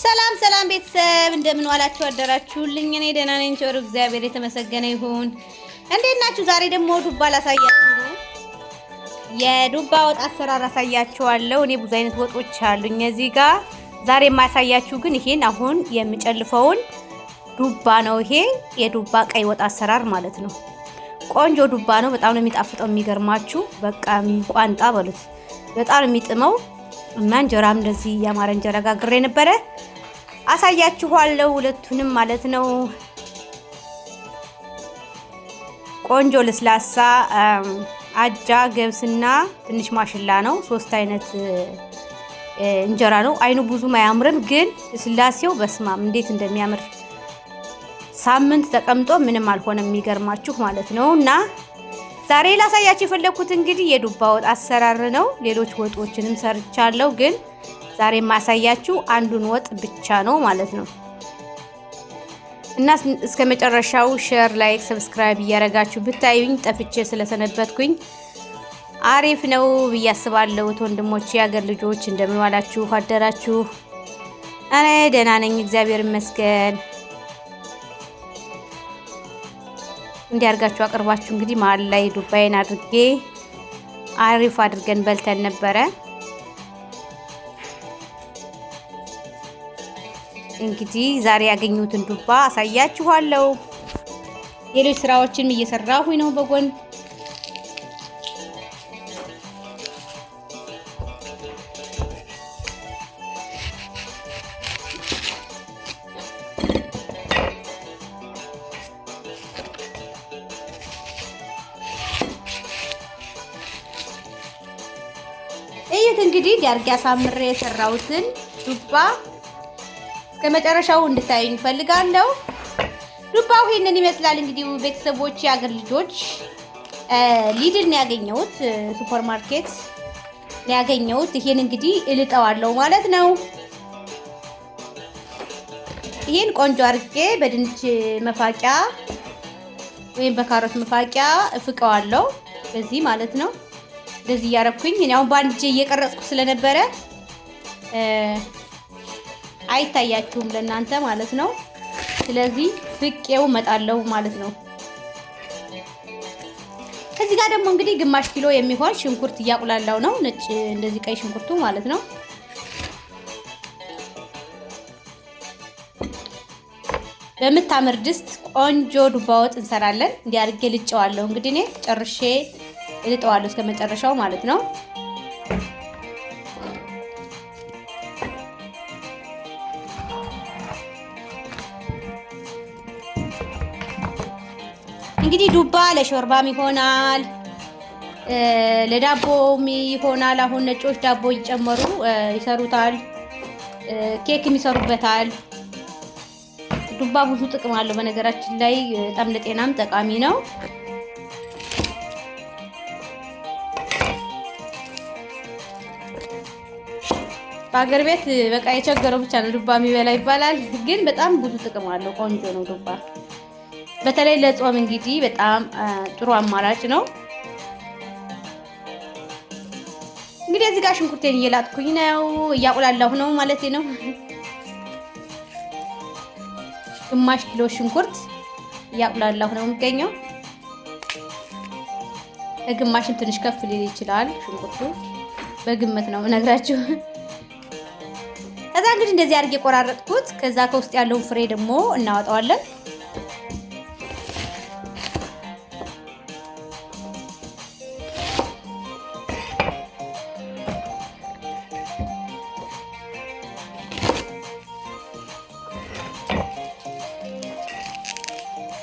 ሰላም ሰላም ቤተሰብ እንደምን ዋላችሁ አደራችሁልኝ? እኔ ደህና ነኝ፣ ቸሩ እግዚአብሔር የተመሰገነ ይሁን። እንዴት ናችሁ? ዛሬ ደግሞ ዱባ ላሳያችሁ፣ የዱባ ወጥ አሰራር አሳያችኋለሁ። እኔ ብዙ አይነት ወጦች አሉኝ እዚህ ጋር። ዛሬ የማያሳያችሁ ግን ይሄን አሁን የምጨልፈውን ዱባ ነው። ይሄ የዱባ ቀይ ወጥ አሰራር ማለት ነው። ቆንጆ ዱባ ነው። በጣም ነው የሚጣፍጠው። የሚገርማችሁ በቃ ቋንጣ በሉት፣ በጣም ነው የሚጥመው እና እንጀራም እንደዚህ ያማረ እንጀራ ጋግሬ ነበረ። አሳያችኋለሁ ሁለቱንም ማለት ነው። ቆንጆ ለስላሳ አጃ ገብስና ትንሽ ማሽላ ነው። ሶስት አይነት እንጀራ ነው። አይኑ ብዙም አያምርም፣ ግን ስላሴው በስማም እንዴት እንደሚያምር ሳምንት ተቀምጦ ምንም አልሆነም። የሚገርማችሁ ማለት ነው እና ዛሬ ላሳያችሁ የፈለኩት እንግዲህ የዱባ ወጥ አሰራር ነው። ሌሎች ወጦችንም ሰርቻለሁ፣ ግን ዛሬ የማሳያችሁ አንዱን ወጥ ብቻ ነው ማለት ነው። እና እስከ መጨረሻው ሼር፣ ላይክ፣ ሰብስክራይብ እያደረጋችሁ ብታዩኝ ጠፍቼ ስለሰነበትኩኝ አሪፍ ነው ብዬ አስባለሁ። ወንድሞች የአገር ልጆች እንደምን አደራችሁ? እኔ ደህና ነኝ፣ እግዚአብሔር ይመስገን። እንዲያርጋችሁ አቅርባችሁ እንግዲህ መሀል ላይ ዱባይን አድርጌ አሪፍ አድርገን በልተን ነበረ። እንግዲህ ዛሬ ያገኙትን ዱባ አሳያችኋለሁ። ሌሎች ስራዎችንም እየሰራሁኝ ነው በጎን እንግዲህ ዳርግ አሳምሬ የሰራሁትን ዱባ ከመጨረሻው እንድታዩኝ እፈልጋለሁ። ዱባው ይሄንን ይመስላል። እንግዲህ ቤተሰቦች፣ የአገር ልጆች ሊድል ነው ያገኘሁት፣ ሱፐር ማርኬት ነው ያገኘሁት። ይሄን እንግዲህ እልጠዋለሁ ማለት ነው። ይሄን ቆንጆ አድርጌ በድንች መፋቂያ ወይም በካሮት መፋቂያ እፍቀዋለሁ፣ በዚህ ማለት ነው። እንደዚህ እያደረኩኝ እኔ አሁን በአንድ እጄ እየቀረጽኩ ስለነበረ አይታያችሁም ለእናንተ ማለት ነው። ስለዚህ ፍቄው መጣለው ማለት ነው። ከዚህ ጋር ደግሞ እንግዲህ ግማሽ ኪሎ የሚሆን ሽንኩርት እያቁላላው ነው። ነጭ እንደዚህ ቀይ ሽንኩርቱ ማለት ነው። በምታምር ድስት ቆንጆ ዱባ ወጥ እንሰራለን። እንዲህ ልጨዋለሁ። እንግዲህ እኔ ጨርሼ እልጠዋለሁ እስከ መጨረሻው ማለት ነው። እንግዲህ ዱባ ለሾርባም ይሆናል ለዳቦም ይሆናል። አሁን ነጮች ዳቦ ይጨመሩ ይሰሩታል፣ ኬክም ይሰሩበታል። ዱባ ብዙ ጥቅም አለው። በነገራችን ላይ በጣም ለጤናም ጠቃሚ ነው። በሀገር ቤት በቃ የቸገረው ብቻ ነው ዱባ የሚበላ ይባላል። ግን በጣም ብዙ ጥቅም አለው። ቆንጆ ነው ዱባ። በተለይ ለጾም እንግዲህ በጣም ጥሩ አማራጭ ነው። እንግዲህ እዚህ ጋር ሽንኩርቴን እየላጥኩኝ ነው፣ እያቁላላሁ ነው ማለት ነው። ግማሽ ኪሎ ሽንኩርት እያቁላላሁ ነው የሚገኘው። ግማሽን ትንሽ ከፍ ሊል ይችላል ሽንኩርቱ። በግምት ነው እነግራችሁ። ከዛ እንግዲህ እንደዚህ አድርጌ የቆራረጥኩት ከዛ ከውስጥ ያለውን ፍሬ ደግሞ እናወጣዋለን።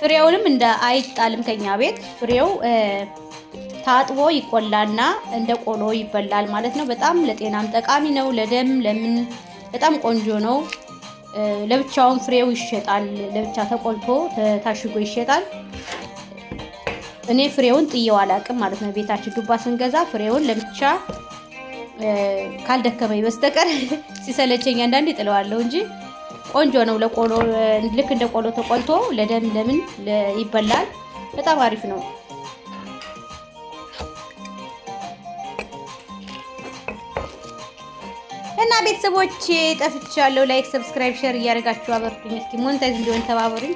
ፍሬውንም እንደ አይጣልም ከኛ ቤት ፍሬው ታጥቦ ይቆላና እንደ ቆሎ ይበላል ማለት ነው። በጣም ለጤናም ጠቃሚ ነው። ለደም ለምን በጣም ቆንጆ ነው። ለብቻውን ፍሬው ይሸጣል። ለብቻ ተቆልቶ ታሽጎ ይሸጣል። እኔ ፍሬውን ጥየው አላቅም ማለት ነው። ቤታችን ዱባ ስንገዛ ፍሬውን ለብቻ ካልደከመኝ በስተቀር ሲሰለቸኝ አንዳንዴ ይጥለዋለሁ እንጂ ቆንጆ ነው። ለቆሎ ልክ እንደ ቆሎ ተቆልቶ ለደም ለምን ይበላል። በጣም አሪፍ ነው። ቤተሰቦች ጠፍቻለሁ። ላይክ፣ ሰብስክራይብ፣ ሼር እያደረጋችሁ አበርቱኝ። እስኪ ሞንታይዝ እንዲሆን ተባበሩኝ።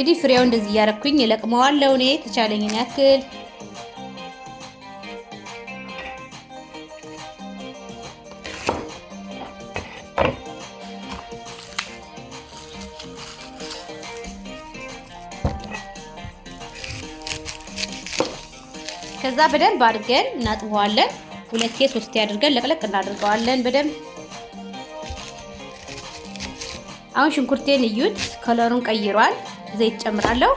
እንግዲህ ፍሬው እንደዚህ እያረኩኝ እለቅመዋለሁ። እኔ ተቻለኝን ያክል ከዛ በደንብ አድርገን እናጥበዋለን። ሁለቴ ሶስቴ አድርገን ለቅለቅ እናደርገዋለን በደንብ አሁን ሽንኩርቴን እዩት፣ ከለሩን ቀይሯል። ዘይት ጨምራለሁ።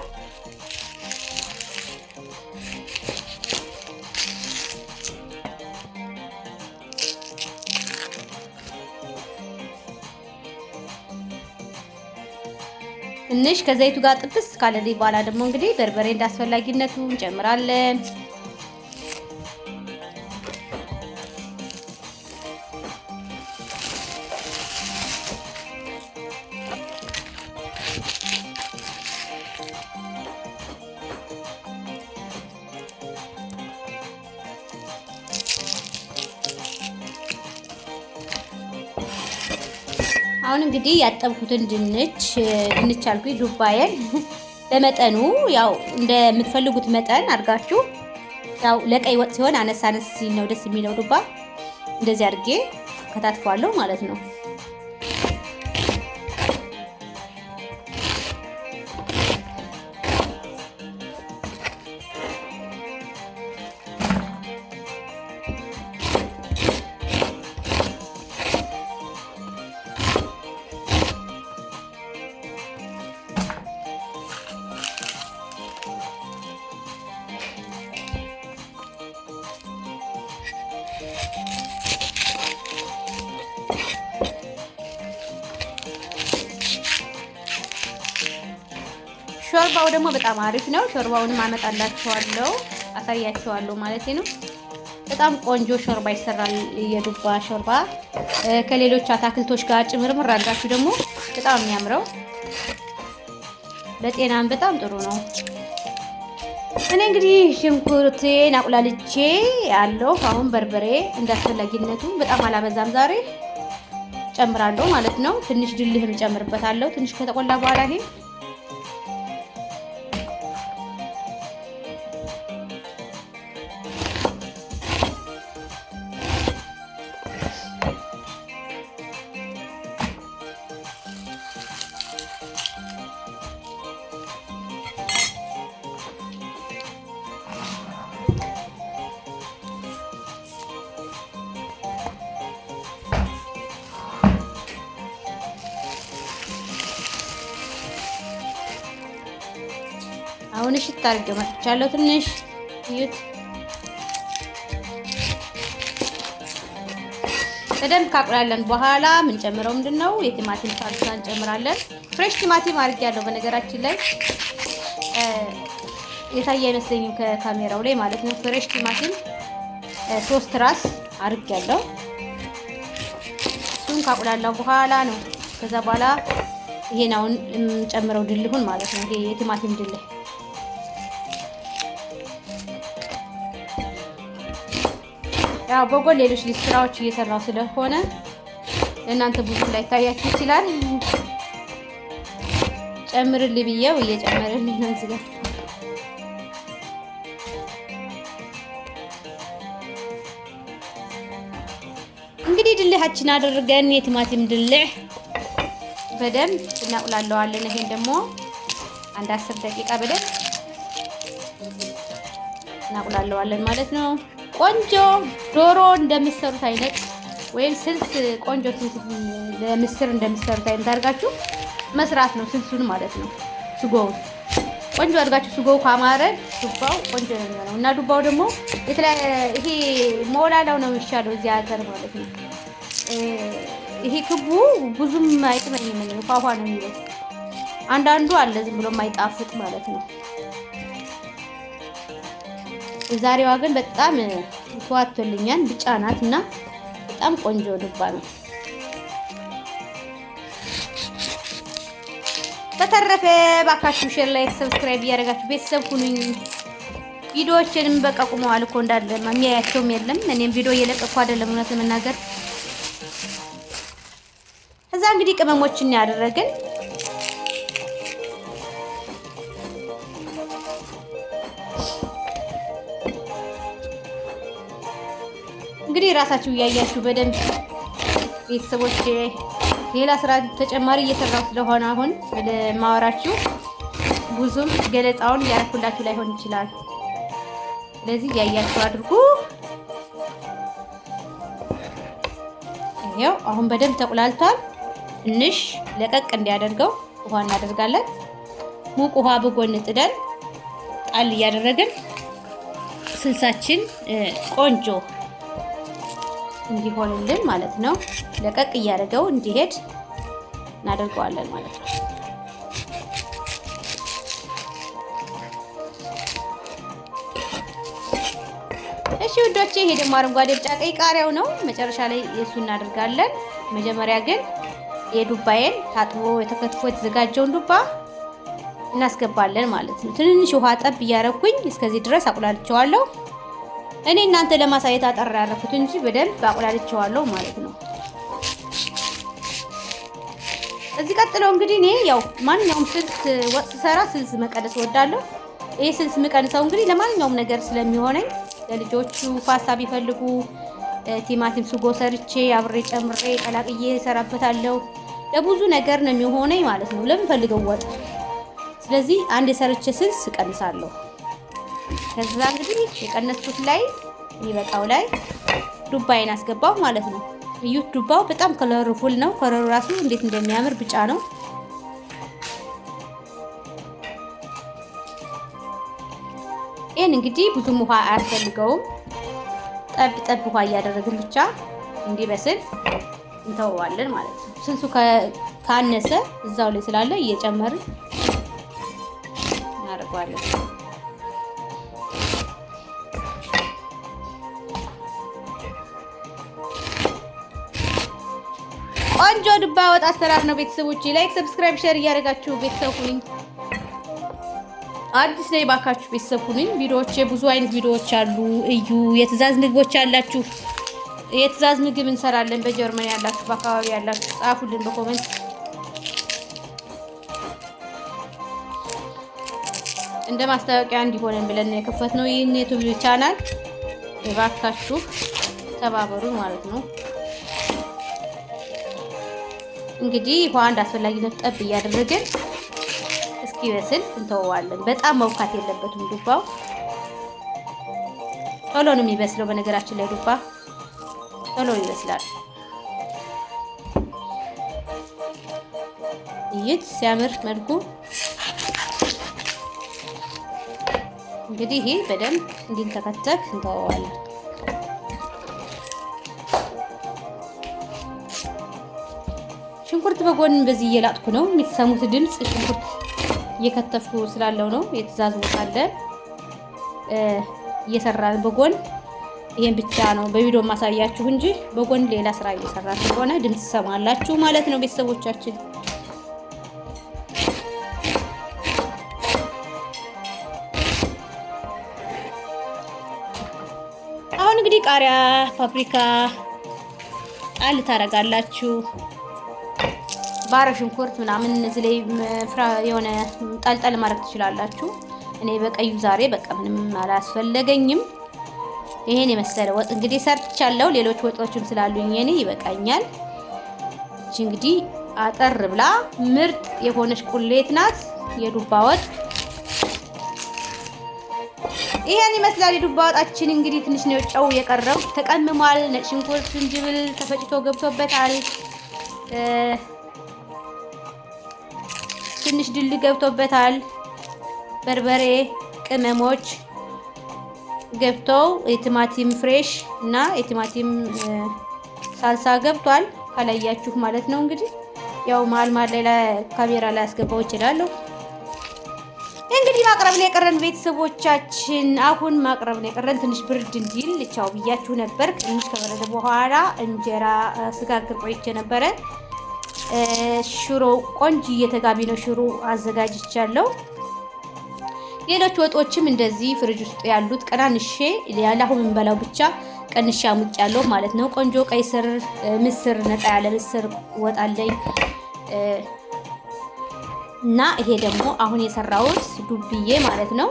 ትንሽ ከዘይቱ ጋር ጥብስ ካለልኝ በኋላ ደግሞ እንግዲህ በርበሬ እንዳስፈላጊነቱ እንጨምራለን። አሁን እንግዲህ ያጠብኩትን ድንች ድንች አልኩኝ ዱባዬን በመጠኑ ያው እንደምትፈልጉት መጠን አድርጋችሁ ያው ለቀይ ወጥ ሲሆን አነስ አነስ ሲል ነው ደስ የሚለው ዱባ እንደዚህ አድርጌ ከታትፏለሁ ማለት ነው። ሾርባው ደግሞ በጣም አሪፍ ነው። ሾርባውን ማመጣላችኋለሁ አሳያችኋለሁ ማለት ነው። በጣም ቆንጆ ሾርባ ይሰራል። የዱባ ሾርባ ከሌሎች አታክልቶች ጋር ጭምርምር አድርጋችሁ ደግሞ በጣም የሚያምረው ለጤናም በጣም ጥሩ ነው። እኔ እንግዲህ ሽንኩርቴን አቁላልቼ ያለው አሁን በርበሬ እንዳስፈላጊነቱ በጣም አላበዛም ዛሬ ጨምራለሁ ማለት ነው። ትንሽ ድልህም ጨምርበታለሁ ትንሽ ከተቆላ በኋላ ይሄ አሁን እሺ ታርገ መጥቻለሁ። ትንሽ እዩት፣ በደንብ ካቁላለን በኋላ የምንጨምረው ምንድን ነው? የቲማቲም ፓስታ እንጨምራለን። ፍሬሽ ቲማቲም ያለው በነገራችን ላይ የታየ አይመስለኝም ከካሜራው ላይ ማለት ነው። ፍሬሽ ቲማቲም ሶስት ራስ ያለው እሱን ካቁላላው በኋላ ነው ከዛ በኋላ ይሄን አሁን የምንጨምረው ድልሁን ማለት ነው። ይሄ የቲማቲም ድልህ ያው በጎን ሌሎች ስራዎች እየሰራው ስለሆነ እናንተ ብዙ ላይ ታያችሁ ይችላል። ጨምርልኝ ብዬው እየጨመረልኝ ነው እዚህ ጋር እንግዲህ ድልሃችን አድርገን የቲማቲም ድልህ በደንብ እናቁላለዋለን። ይሄን ደግሞ አንድ አስር ደቂቃ በደንብ እናቁላለዋለን ማለት ነው። ቆንጆ ዶሮ እንደምሰሩት አይነት ወይም ስልስ ቆንጆ ስልስ ለምስር እንደምሰሩት አይነት አድርጋችሁ መስራት ነው። ስልሱን ማለት ነው። ስጎው ቆንጆ አድርጋችሁ ስጎው ካማረ ዱባው ቆንጆ ነው የሚሆነው እና ዱባው ደግሞ ይሄ ሞላላው ነው የሚሻለው እዚህ ሀገር ማለት ነው። ይሄ ክቡ ብዙም አይጥመኝም ነው ፏፏ ነው የሚለው። አንዳንዱ አለ ዝም ብሎ የማይጣፍጥ ማለት ነው። የዛሬዋ ግን በጣም ተዋቶልኛል። ቢጫ ናት እና በጣም ቆንጆ ዱባ ነው። በተረፈ ባካችሁ ሼር፣ ላይክ፣ ሰብስክራይብ እያደረጋችሁ ቤተሰብ ሁኑኝ። ቪዲዮዎችንም በቃ ቁመዋል እኮ እንዳለ የሚያያቸውም የለም። እኔም ቪዲዮ እየለቀኩ አይደለም እውነት ለመናገር እዛ እንግዲህ ቅመሞችን ያደረግን እንግዲህ ራሳችሁ እያያችሁ በደንብ ቤተሰቦች፣ ሌላ ስራ ተጨማሪ እየሰራው ስለሆነ አሁን ለማወራችሁ ጉዙም ብዙም ገለጻውን እያረኩላችሁ ላይሆን ይችላል። ስለዚህ እያያችሁ አድርጉ። ይሄው አሁን በደንብ ተቁላልቷል። ትንሽ ለቀቅ እንዲያደርገው ውሃ እናደርጋለን። ሙቅ ውሃ በጎን ጥደን ጣል እያደረግን ስልሳችን ቆንጆ እንዲሆንልን ማለት ነው። ለቀቅ እያደረገው እንዲሄድ እናደርገዋለን ማለት ነው። እሺ ውዶቼ፣ ይሄ ደግሞ አረንጓዴ ቢጫ ቀይ ቃሪያው ነው። መጨረሻ ላይ የሱ እናደርጋለን። መጀመሪያ ግን የዱባዬን ታጥቦ የተከትፎ የተዘጋጀውን ዱባ እናስገባለን ማለት ነው። ትንንሽ ውሃ ጠብ እያረኩኝ እስከዚህ ድረስ አቁላልቸዋለሁ። እኔ እናንተ ለማሳየት አጠር ያደረኩት እንጂ በደንብ አቁላልቼዋለሁ ማለት ነው። እዚህ ቀጥሎ እንግዲህ እኔ ያው ማንኛውም ስልስ ወጥ ስሰራ ስልስ መቀነስ እወዳለሁ። ይህ ስልስ ምቀንሰው እንግዲህ ለማንኛውም ነገር ስለሚሆነኝ ለልጆቹ ፓስታ ቢፈልጉ ቲማቲም ስጎ ሰርቼ አብሬ ጨምሬ ቀላቅዬ እሰራበታለሁ። ለብዙ ነገር ነው የሚሆነኝ ማለት ነው ለምፈልገው ወጥ። ስለዚህ አንድ የሰርቼ ስልስ እቀንሳለሁ። ከዛ እንግዲህ የቀነስኩት ላይ የሚበቃው ላይ ዱባይን አስገባው ማለት ነው። እዩት፣ ዱባው በጣም ከለርፉል ነው። ከለሩ ራሱ እንዴት እንደሚያምር ብጫ ነው። ይህን እንግዲህ ብዙም ውሃ አያስፈልገውም። ጠብ ጠብ ውሃ እያደረግን ብቻ እንዲበስል እንተወዋለን ማለት ነው። ስንሱ ካነሰ እዛው ላይ ስላለ እየጨመርን እናደርገዋለን። ቆንጆ ዱባ ወጥ አሰራር ነው ቤተሰቦች። ላይክ፣ ሰብስክራይብ፣ ሼር እያደረጋችሁ ቤተሰብ ሁኑኝ። አዲስ ላይ ባካችሁ ቤተሰብ ሁኑኝ። ቪዲዮዎች ብዙ አይነት ቪዲዮዎች አሉ፣ እዩ። የትእዛዝ ምግቦች አላችሁ፣ የትእዛዝ ምግብ እንሰራለን። በጀርመን ያላችሁ፣ በአካባቢ ያላችሁ ጻፉልን በኮመንት እንደ ማስታወቂያ እንዲሆነን ብለን የከፈትነው ይህን የዩቲዩብ ቻናል። ባካችሁ ተባበሩ ማለት ነው። እንግዲህ ውሃ እንደ አስፈላጊነቱ ጠብ እያደረግን እስኪበስል እንተወዋለን። በጣም መውካት የለበትም ዱባው ቶሎ ነው የሚበስለው። በነገራችን ላይ ዱባ ቶሎ ይበስላል። ይት ሲያምር መልኩ እንግዲህ ይሄ በደንብ እንዲንተከተክ እንተወዋለን። ሽንኩርት በጎን በዚህ እየላጥኩ ነው። የምትሰሙት ድምፅ ሽንኩርት እየከተፍኩ ስላለው ነው። የትእዛዝ ቦታ አለ እየሰራ በጎን ይሄን ብቻ ነው በቪዲዮ ማሳያችሁ እንጂ በጎን ሌላ ስራ እየሰራ ስለሆነ ድምፅ ሰማላችሁ ማለት ነው ቤተሰቦቻችን። አሁን እንግዲህ ቃሪያ፣ ፓፕሪካ ጣል ታደርጋላችሁ። ባረ ሽንኩርት ምናምን እዚህ ላይ የሆነ ጠልጠል ማድረግ ትችላላችሁ። እኔ በቀዩ ዛሬ በቃ ምንም አላስፈለገኝም። ይሄን የመሰለ ወጥ እንግዲህ ሰርቻለሁ። ሌሎች ወጦችም ስላሉኝ እኔ ይበቃኛል። እቺ እንግዲህ አጠር ብላ ምርጥ የሆነች ቁሌት ናት፣ የዱባ ወጥ ይሄን ይመስላል። የዱባ ወጣችን እንግዲህ ትንሽ ነው ጨው የቀረው፣ ተቀምሟል። ነጭ ሽንኩርት፣ ዝንጅብል ተፈጭቶ ገብቶበታል። ትንሽ ድል ገብቶበታል። በርበሬ፣ ቅመሞች ገብተው የቲማቲም ፍሬሽ እና የቲማቲም ሳልሳ ገብቷል። ካላያችሁ ማለት ነው እንግዲህ ያው መሀል መሀል ላይ ካሜራ ላይ አስገባው እችላለሁ። እንግዲህ ማቅረብ ነው የቀረን ቤተሰቦቻችን፣ አሁን ማቅረብ ነው የቀረን። ትንሽ ብርድ እንዲል ቻው ብያችሁ ነበር። ትንሽ ከበረደ በኋላ እንጀራ ስጋግር ቆይቼ ነበረ። ሽሮ ቆንጆ እየተጋቢ ነው ሽሮ አዘጋጅቻለሁ። ሌሎች ወጦችም እንደዚህ ፍሪጅ ውስጥ ያሉት ቀናንሼ ያለሁ እንበላው ብቻ ቀንሼ አሙቂያለሁ ማለት ነው። ቆንጆ ቀይ ስር ምስር፣ ነጣ ያለ ምስር ወጣለኝ እና ይሄ ደግሞ አሁን የሰራሁት ዱብዬ ማለት ነው።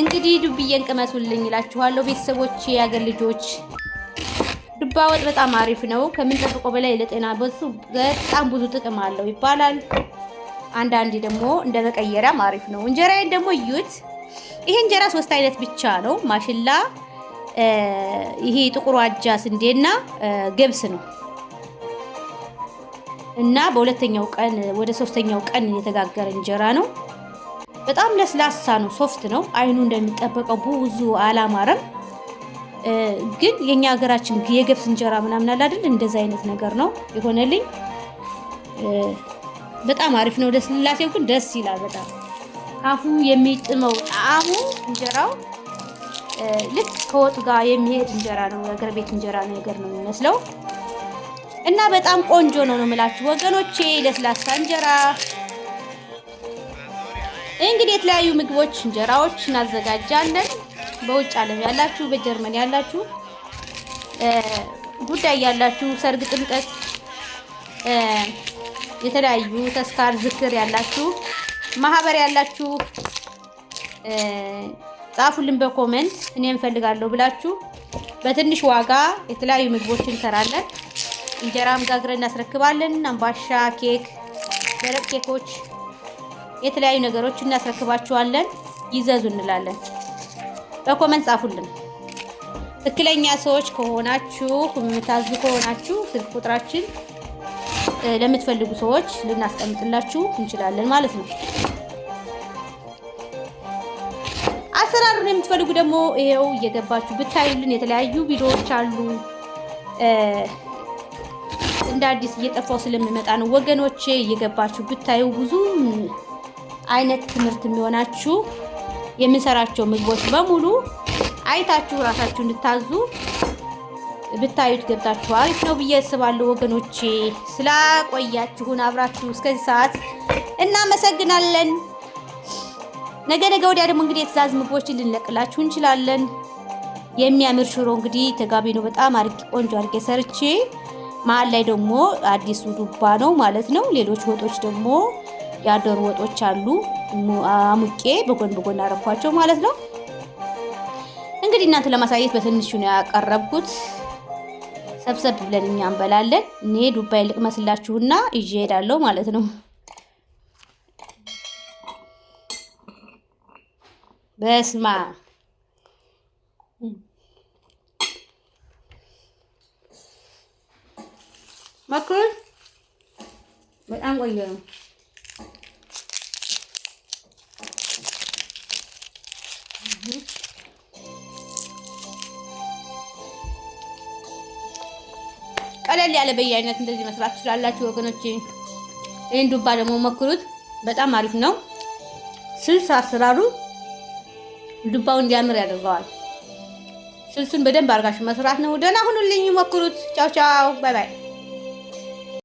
እንግዲህ ዱብዬን ቅመሱልኝ እላችኋለሁ ቤተሰቦች፣ የአገር ልጆች ዱባ በጣም አሪፍ ነው። ከምንጠብቀው በላይ ለጤና በሱ በጣም ብዙ ጥቅም አለው ይባላል። አንዳንዴ ደግሞ እንደ መቀየሪያም አሪፍ ነው። እንጀራዬን ደግሞ እዩት። ይሄ እንጀራ ሶስት አይነት ብቻ ነው። ማሽላ፣ ይሄ ጥቁር አጃ ስንዴና ገብስ ነው እና በሁለተኛው ቀን ወደ ሶስተኛው ቀን የተጋገረ እንጀራ ነው። በጣም ለስላሳ ነው፣ ሶፍት ነው። አይኑ እንደሚጠበቀው ብዙ አላማረም። ግን የኛ ሀገራችን የገብስ እንጀራ ምናምን አለ አይደል? እንደዛ አይነት ነገር ነው የሆነልኝ። በጣም አሪፍ ነው። ደስ ልላሴው ግን ደስ ይላል በጣም አፉ የሚጥመው ጣዕሙ እንጀራው ልክ ከወጥ ጋር የሚሄድ እንጀራ ነው። የአገር ቤት እንጀራ ነገር ነው የሚመስለው እና በጣም ቆንጆ ነው ነው የምላችሁ ወገኖቼ። ለስላሳ እንጀራ እንግዲህ የተለያዩ ምግቦች እንጀራዎች እናዘጋጃለን። በውጭ ዓለም ያላችሁ በጀርመን ያላችሁ ጉዳይ ያላችሁ ሰርግ፣ ጥምቀት፣ የተለያዩ ተስካር ዝክር ያላችሁ ማህበር ያላችሁ ጻፉልን በኮመንት እኔ እንፈልጋለሁ ብላችሁ በትንሽ ዋጋ የተለያዩ ምግቦችን እንሰራለን። እንጀራም ጋግረን እናስረክባለን። አምባሻ፣ ኬክ፣ ደረቅ ኬኮች፣ የተለያዩ ነገሮች እናስረክባችኋለን። ይዘዙ እንላለን። በኮመንት ጻፉልን። ትክክለኛ ሰዎች ከሆናችሁ የምታዙ ከሆናችሁ ስልክ ቁጥራችን ለምትፈልጉ ሰዎች ልናስቀምጥላችሁ እንችላለን ማለት ነው። አሰራሩን የምትፈልጉ ደግሞ ይሄው እየገባችሁ ብታዩልን የተለያዩ ቪዲዮዎች አሉ። እንደ አዲስ እየጠፋው ስለሚመጣ ነው ወገኖቼ፣ እየገባችሁ ብታዩ ብዙ አይነት ትምህርት የሚሆናችሁ የምንሰራቸው ምግቦች በሙሉ አይታችሁ እራሳችሁ እንድታዙ ብታዩት ገብታችሁ አሪፍ ነው ብዬ አስባለሁ። ወገኖቼ ስላቆያችሁን አብራችሁ እስከዚህ ሰዓት እናመሰግናለን። ነገ ነገ ወዲያ ደግሞ እንግዲህ የትእዛዝ ምግቦችን ልንለቅላችሁ እንችላለን። የሚያምር ሽሮ እንግዲህ ተጋቢ ነው። በጣም አርቂ ቆንጆ አርጌ ሰርቼ መሀል ላይ ደግሞ አዲሱ ዱባ ነው ማለት ነው። ሌሎች ወጦች ደግሞ ያደሩ ወጦች አሉ። አሙቄ በጎን በጎን አረኳቸው ማለት ነው። እንግዲህ እናንተ ለማሳየት በትንሹ ነው ያቀረብኩት። ሰብሰብ ብለን እኛ እንበላለን። እኔ ዱባይ ልቅመስላችሁና ይዤ ሄዳለሁ ማለት ነው። በስማ መኩል በጣም ቆየ ነው። ያለ በየአይነት እንደዚህ መስራት ትችላላችሁ ወገኖች። ይህን ዱባ ደግሞ ሞክሩት፣ በጣም አሪፍ ነው። ስልስ አሰራሩ ዱባው እንዲያምር ያደርገዋል። ስልሱን በደንብ አድርጋችሁ መስራት ነው። ደህና ሁኑልኝ፣ ሞክሩት። ቻው ቻው፣ ባይ ባይ።